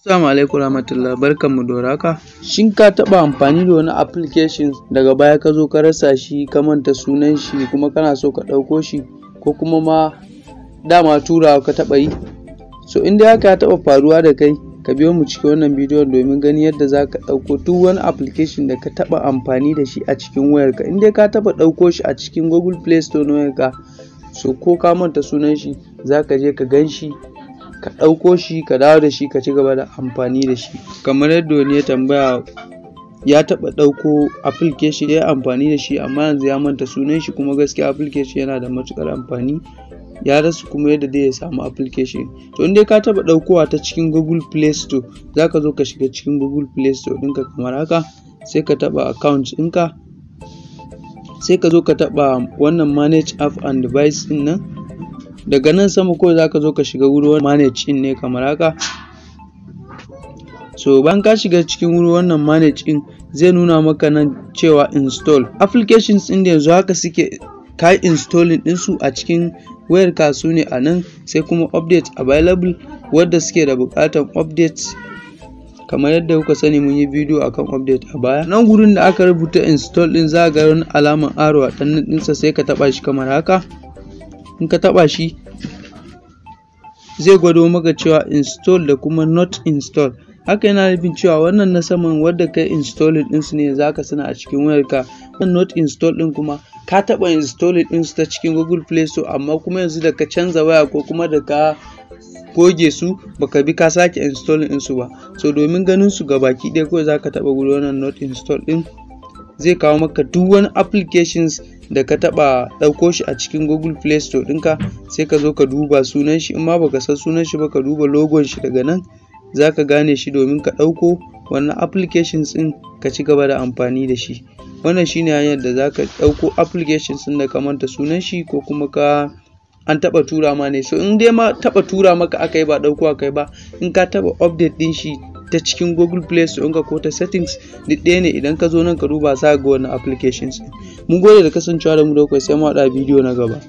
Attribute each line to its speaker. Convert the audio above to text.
Speaker 1: Assalamu alaikum barkan mu da warhaka. Shin ka taɓa amfani da wani application daga baya ka zo ka rasa shi ka manta sunan shi kuma kana so ka ɗauko shi ko kuma ma dama turawa ka taɓa yi? So in dai haka ya taɓa faruwa da kai ka biyo mu cikin wannan bidiyon domin gani yadda za ka ɗauko duk wani application da ka taɓa amfani da shi a cikin wayarka in dai ka taɓa ɗauko shi a cikin Google Play Store na wayarka so ko ka manta sunan shi za ka je ka gan shi ka ɗauko shi ka dawo da shi ka ci gaba da amfani da shi kamar yadda wani ya tambaya ya taɓa ɗauko application ya amfani da shi amma yanzu ya manta sunan shi kuma gaskiya application yana da matukar amfani ya rasu kuma yadda dai ya samu application to in dai ka taɓa ɗaukowa ta cikin google play store za ka zo ka shiga cikin google play store ɗinka kamar haka sai ka taɓa account ɗinka sai ka zo ka taɓa wannan manage app and device ɗin nan daga nan sama kawai zaka zo ka shiga wurin manage in ne kamar haka so bayan ka shiga cikin wurin wannan manage in zai nuna maka nan cewa install applications din da yanzu haka suke ka installing ɗinsu a cikin wayar kasu ne a nan sai kuma update available wadda suke da bukatar updates kamar yadda kuka sani mun yi bidiyo akan update a baya nan gurin da aka rubuta install ɗin za ga wani alaman a ɗan ɗinsa sai ka taba shi kamar haka in ka taba shi zai gwado maka cewa install da kuma not install haka yana nufin cewa wannan na saman wadda kai installing su ne zaka sana a cikin wayarka wannan not install ɗin kuma ka taba installing su ta cikin google play store amma kuma yanzu da ka canza waya ko kuma da ka goge su baka bi ka sake installing su ba so domin ganin su gabaki ɗaya kawai zaka taba gudu wannan not install ɗin zai kawo maka duk wani applications da ka taba ɗauko shi a cikin google play store ɗinka sai ka zo ka duba sunan shi in ma baka san sunan shi ba ka duba logon shi daga nan za ka gane shi domin ka ɗauko wannan applications ɗin ka ci gaba da amfani da shi wannan shine hanyar da za ka ɗauko applications ɗin da ka manta sunan shi ko kuma ka an taɓa tura ma ne so in dai ma taɓa tura maka aka ba ɗauko akai ba in ka taɓa update ɗin shi ta cikin google play store ɗinka ko ta settings duk ne idan ka zo nan ka duba za ga wannan applications mun gode da kasancewa da mu da kwai sai mu haɗa bidiyo na gaba